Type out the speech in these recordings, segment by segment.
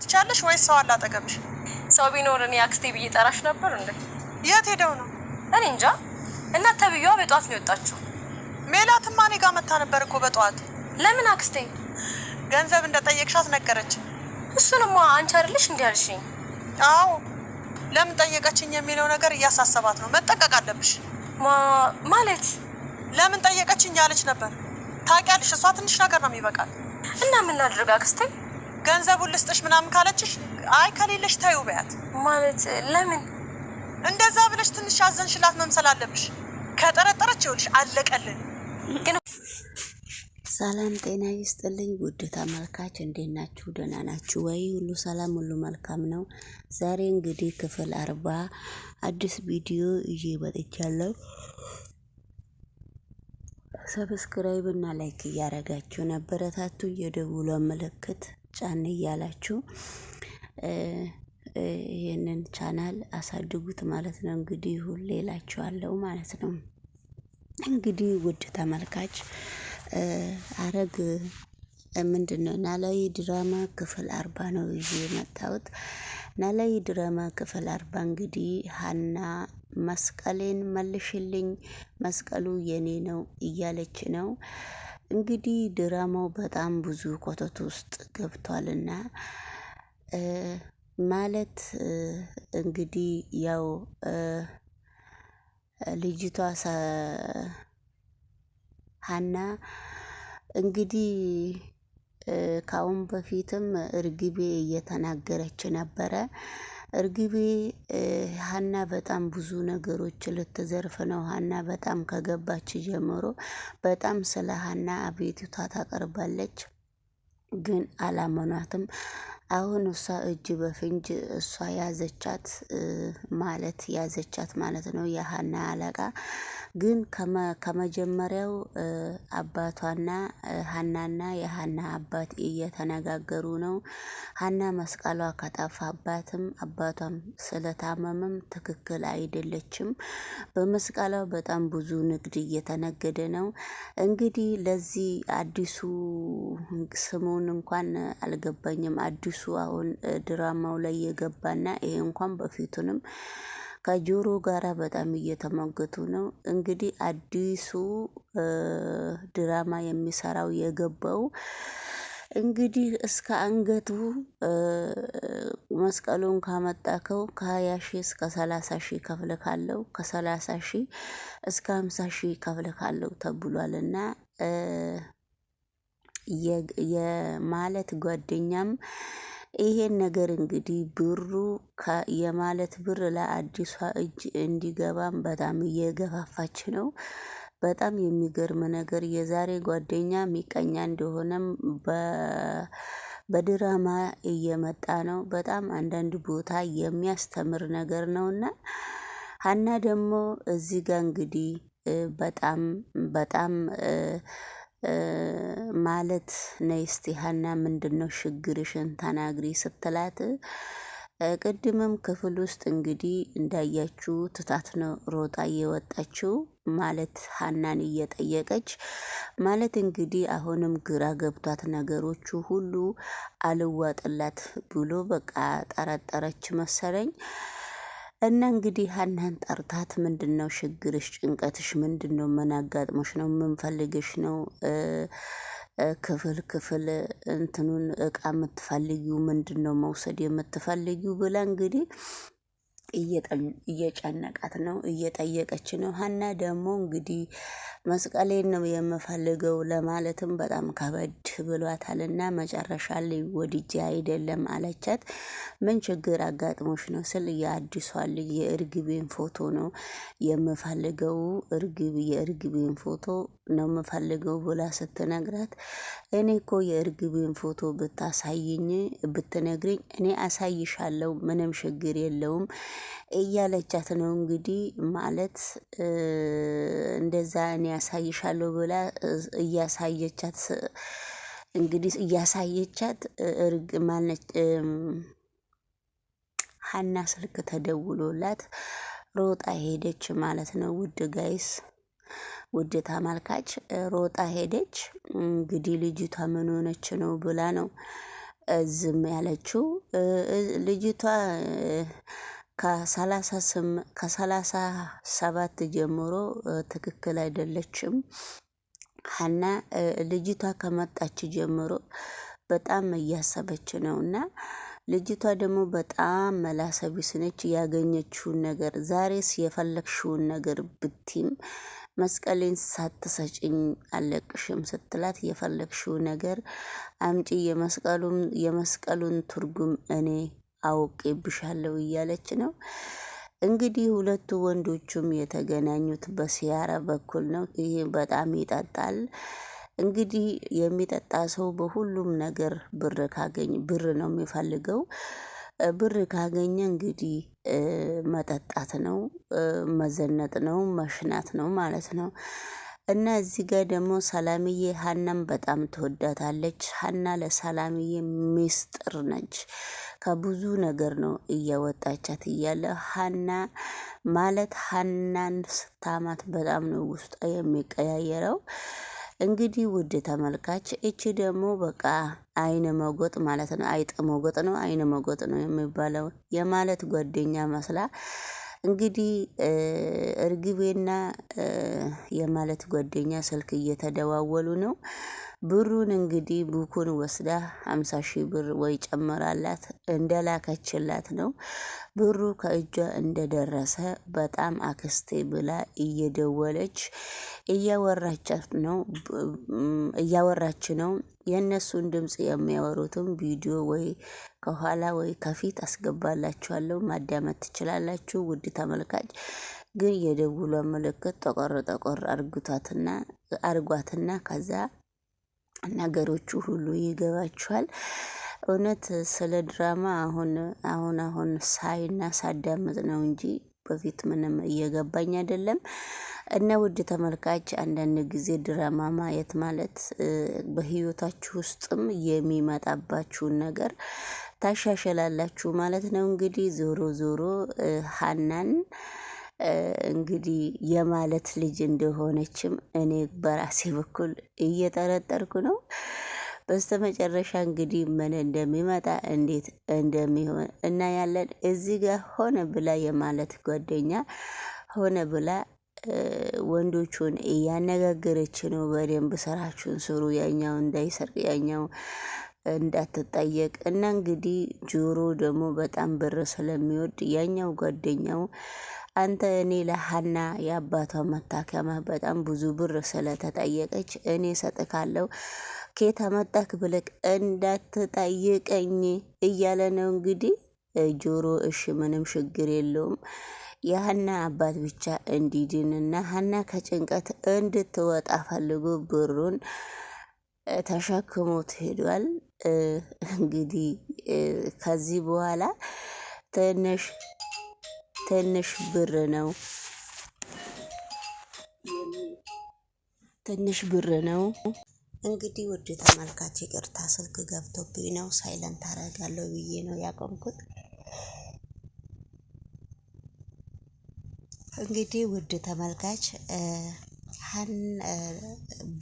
ትቻለሽ ወይስ ሰው አለ አጠገብሽ? ሰው ቢኖር እኔ አክስቴ ብዬ ጠራሽ ነበር እንዴ? የት ሄደው ነው? እኔ እንጃ። እና ተብዬዋ በጠዋት ነው የወጣችው። ሜላትማ እኔ ጋር መታ ነበር እኮ በጠዋት። ለምን አክስቴ? ገንዘብ እንደጠየቅሻት ነገረች። እሱንማ አንቺ አይደለሽ እንዲህ አልሽኝ። አዎ፣ ለምን ጠየቀችኝ የሚለው ነገር እያሳሰባት ነው። መጠንቀቅ አለብሽ። ማለት ለምን ጠየቀችኝ ያለች ነበር። ታውቂያለሽ፣ እሷ ትንሽ ነገር ነው የሚበቃል። እና ምን አድርግ አክስቴ ገንዘቡን ልስጥሽ ምናምን ካለችሽ አይ ከሌለሽ ታዩ በያት። ማለት ለምን እንደዛ ብለሽ ትንሽ አዘንሽላት መምሰል አለብሽ። ከጠረጠረች ይኸውልሽ አለቀልን። ግን ሰላም ጤና ይስጥልኝ ውድ ተመልካች፣ እንዴት ናችሁ? ደህና ናችሁ ወይ? ሁሉ ሰላም፣ ሁሉ መልካም ነው። ዛሬ እንግዲህ ክፍል አርባ አዲስ ቪዲዮ ይዤ መጥቻለሁ። ሰብስክራይብ እና ላይክ እያረጋችሁ ነበረታቱ የደውሏ ምልክት ጫን እያላችሁ ይህንን ቻናል አሳድጉት ማለት ነው። እንግዲህ ሁሌ እላችኋለሁ ማለት ነው። እንግዲህ ውድ ተመልካች አረግ ምንድን ነው ኖላዊ ድራማ ክፍል አርባ ነው ይዤ የመጣሁት። ኖላዊ ድራማ ክፍል አርባ እንግዲህ ሀና መስቀሌን መልሽልኝ፣ መስቀሉ የኔ ነው እያለች ነው እንግዲህ ድራማው በጣም ብዙ ኮተት ውስጥ ገብቷልና ማለት እንግዲህ ያው ልጅቷ ሀና እንግዲህ ከአሁን በፊትም እርግቤ እየተናገረች ነበረ። እርግቤ ሀና በጣም ብዙ ነገሮች ልትዘርፍ ነው። ሀና በጣም ከገባች ጀምሮ በጣም ስለ ሀና አቤቱታ ታቀርባለች፣ ግን አላመኗትም። አሁን እሷ እጅ በፍንጅ እሷ ያዘቻት ማለት ያዘቻት ማለት ነው። የሀና አለቃ ግን ከመጀመሪያው አባቷና ሀናና የሀና አባት እየተነጋገሩ ነው። ሀና መስቀሏ ከጠፋባትም አባቷም ስለታመመም ትክክል አይደለችም። በመስቀሏ በጣም ብዙ ንግድ እየተነገደ ነው። እንግዲህ ለዚህ አዲሱ ስሙን እንኳን አልገባኝም አዲሱ እሱ አሁን ድራማው ላይ የገባና ይሄ እንኳን በፊቱንም ከጆሮ ጋራ በጣም እየተሞገቱ ነው። እንግዲህ አዲሱ ድራማ የሚሰራው የገባው እንግዲህ እስከ አንገቱ መስቀሉን ካመጣከው ከሀያ ሺህ እስከ ሰላሳ ሺህ ከፍል ካለው ከሰላሳ ሺህ እስከ ሀምሳ ሺህ ከፍል ካለው ተብሏል እና የማለት ጓደኛም ይሄን ነገር እንግዲህ ብሩ የማለት ብር ለአዲሷ እጅ እንዲገባም በጣም እየገፋፋች ነው። በጣም የሚገርም ነገር የዛሬ ጓደኛ ሚቀኛ እንደሆነም በድራማ እየመጣ ነው። በጣም አንዳንድ ቦታ የሚያስተምር ነገር ነውና ሀና ደግሞ እዚህ ጋር እንግዲህ በጣም በጣም ማለት ነይ እስቲ ሀና ምንድነው ችግርሽን ተናግሪ ስትላት ቅድምም ክፍል ውስጥ እንግዲህ እንዳያችሁ ትታት ነው ሮጣ እየወጣችው ማለት ሀናን እየጠየቀች ማለት እንግዲህ አሁንም ግራ ገብቷት ነገሮቹ ሁሉ አልዋጥላት ብሎ በቃ ጠረጠረች መሰለኝ። እና እንግዲህ ሀናን ጠርታት ምንድን ነው ችግርሽ? ጭንቀትሽ ምንድን ነው? ምን አጋጥሞሽ ነው? ምን ነው? ክፍል ክፍል እንትኑን እቃ የምትፈልጊው ምንድን ነው መውሰድ የምትፈልጊው ብላ እንግዲህ እየጨነቃት ነው፣ እየጠየቀች ነው። ሀና ደግሞ እንግዲህ መስቀሌን ነው የምፈልገው ለማለትም በጣም ከበድ ብሏታል እና መጨረሻ ላይ ወድጄ አይደለም አለቻት። ምን ችግር አጋጥሞች ነው ስል የአዲሷ የእርግቤን ፎቶ ነው የምፈልገው እርግብ የእርግቤን ፎቶ ነው የምፈልገው ብላ ስትነግራት እኔ እኮ የእርግቤን ፎቶ ብታሳይኝ ብትነግርኝ እኔ አሳይሻለሁ ምንም ችግር የለውም እያለቻት ነው እንግዲህ ማለት እንደዛ እኔ ያሳይሻለሁ ብላ እያሳየቻት እንግዲህ እያሳየቻት እርግ ማለት ሀና ስልክ ተደውሎላት ሮጣ ሄደች ማለት ነው። ውድ ጋይስ ውድ ተመልካች ሮጣ ሄደች። እንግዲህ ልጅቷ ምን ሆነች ነው ብላ ነው ዝም ያለችው ልጅቷ ከሰላሳ ሰባት ጀምሮ ትክክል አይደለችም። ሀና ልጅቷ ከመጣች ጀምሮ በጣም እያሰበች ነው እና ልጅቷ ደግሞ በጣም መላሰቢስ ነች። ያገኘችውን ነገር ዛሬስ የፈለግሽውን ነገር ብቲም መስቀሌን ሳትሰጭኝ አለቅሽም ስትላት የፈለግሽው ነገር አምጪ፣ የመስቀሉን ትርጉም እኔ አውቄብሻለሁ እያለች ነው። እንግዲህ ሁለቱ ወንዶቹም የተገናኙት በሲያራ በኩል ነው። ይሄ በጣም ይጠጣል። እንግዲህ የሚጠጣ ሰው በሁሉም ነገር ብር ካገኝ ብር ነው የሚፈልገው። ብር ካገኘ እንግዲህ መጠጣት ነው፣ መዘነጥ ነው፣ መሽናት ነው ማለት ነው። እና እዚህ ጋር ደግሞ ሰላምዬ ሀናም በጣም ትወዳታለች። ሀና ለሰላምዬ ሚስጥር ነች። ከብዙ ነገር ነው እያወጣቻት እያለ ሀና ማለት ሀናን ስታማት በጣም ነው ውስጧ የሚቀያየረው። እንግዲህ ውድ ተመልካች እቺ ደግሞ በቃ አይነ መጎጥ ማለት ነው። አይጥ መጎጥ ነው፣ አይነ መጎጥ ነው የሚባለው የማለት ጓደኛ መስላ እንግዲህ እርግቤና የማለት ጓደኛ ስልክ እየተደዋወሉ ነው። ብሩን እንግዲህ ቡኩን ወስዳ ሀምሳ ሺህ ብር ወይ ጨምራላት እንደላከችላት ነው። ብሩ ከእጇ እንደደረሰ በጣም አክስቴ ብላ እየደወለች እያወራቻት ነው እያወራች ነው። የእነሱን ድምፅ የሚያወሩትም ቪዲዮ ወይ ከኋላ ወይ ከፊት አስገባላችኋለሁ ማዳመጥ ትችላላችሁ። ውድ ተመልካች ግን የደውሏ ምልክት ጠቆር ጠቆር አርግቷትና አርጓትና ከዛ ነገሮቹ ሁሉ ይገባችኋል። እውነት ስለ ድራማ አሁን አሁን አሁን ሳይና ሳዳምጥ ነው እንጂ በፊት ምንም እየገባኝ አይደለም። እነ ውድ ተመልካች አንዳንድ ጊዜ ድራማ ማየት ማለት በህይወታችሁ ውስጥም የሚመጣባችሁን ነገር ታሻሸላላችሁ ማለት ነው። እንግዲህ ዞሮ ዞሮ ሀናን እንግዲህ የማለት ልጅ እንደሆነችም እኔ በራሴ በኩል እየጠረጠርኩ ነው። በስተመጨረሻ እንግዲህ ምን እንደሚመጣ እንዴት እንደሚሆን እና ያለን እዚህ ጋር ሆነ ብላ የማለት ጓደኛ ሆነ ብላ ወንዶቹን እያነጋገረች ነው። በደንብ ስራችሁን ስሩ፣ ያኛው እንዳይሰርቅ፣ ያኛው እንዳትጠየቅ እና እንግዲህ ጆሮ ደግሞ በጣም ብር ስለሚወድ ያኛው ጓደኛው አንተ እኔ ለሀና የአባቷ መታከማ በጣም ብዙ ብር ስለተጠየቀች እኔ ሰጥካለሁ ኬተመጣክ ብለክ እንዳትጠይቀኝ እያለ ነው እንግዲህ ጆሮ እሺ፣ ምንም ችግር የለውም። የሀና አባት ብቻ እንዲድንና ሀና ከጭንቀት እንድትወጣ ፈልጎ ብሩን ተሸክሞት ሄዷል። እንግዲህ ከዚህ በኋላ ትንሽ ትንሽ ብር ነው ትንሽ ብር ነው። እንግዲህ ውድ ተመልካች ይቅርታ ስልክ ገብቶብኝ ነው ሳይለንት አደርጋለሁ ብዬ ነው ያቆምኩት። እንግዲህ ውድ ተመልካች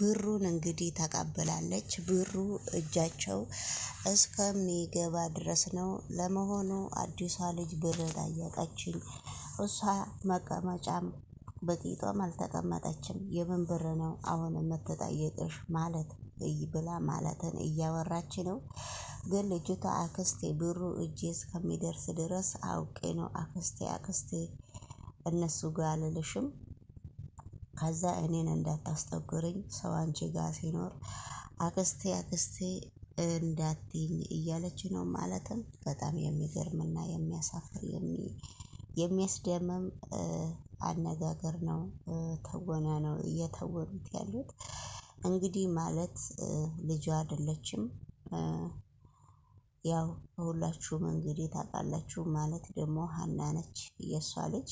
ብሩን እንግዲህ ተቀብላለች። ብሩ እጃቸው እስከሚገባ ድረስ ነው። ለመሆኑ አዲሷ ልጅ ብር ጠየቀችኝ። እሷ መቀመጫም በቂጧም አልተቀመጠችም። የምን ብር ነው አሁን የምትጠይቅሽ ማለት ብላ ማለትን እያወራች ነው። ግን ልጅቷ አክስቴ ብሩ እጄ እስከሚደርስ ድረስ አውቄ ነው አክስቴ አክስቴ እነሱ ጋር አልልሽም ከዛ እኔን እንዳታስጠጉርኝ ሰው አንቺ ጋር ሲኖር አክስቴ አክስቴ እንዳትኝ እያለች ነው ማለትም በጣም የሚገርምና የሚያሳፍር የሚያስደምም አነጋገር ነው። ተወና ነው እየተወኑት ያሉት እንግዲህ ማለት ልጇ አይደለችም። ያው ሁላችሁም እንግዲህ ታውቃላችሁ። ማለት ደግሞ ሀና ነች የእሷ ልጅ።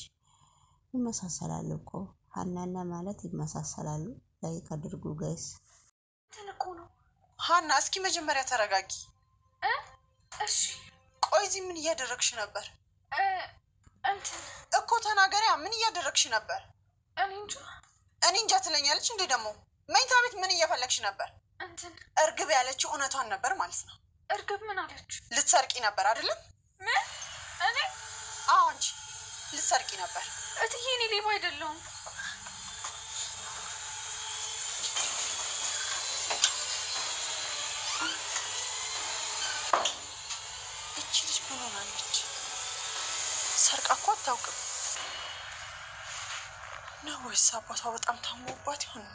ይመሳሰላል እኮ ሀናና ማለት ይመሳሰላሉ። ላይክ አድርጉ ጋይስ። ነው። ሀና እስኪ መጀመሪያ ተረጋጊ። እሺ ቆይ እዚህ ምን እያደረግሽ ነበር? እንትን እኮ ተናገሪያ። ምን እያደረግሽ ነበር? እኔ እንጃ እኔ እንጃ ትለኛለች እንዴ? ደግሞ መኝታ ቤት ምን እየፈለግሽ ነበር? እንትን እርግብ ያለችው እውነቷን ነበር ማለት ነው። እርግብ ምን አለች? ልትሰርቂ ነበር አይደለም? ምን እኔ? አዎ አንቺ ልትሰርቂ ነበር። እትዬ እኔ ሌባ አይደለሁም። አታውቅም ነው ወይስ አባቷ በጣም ታሞባት ይሆን?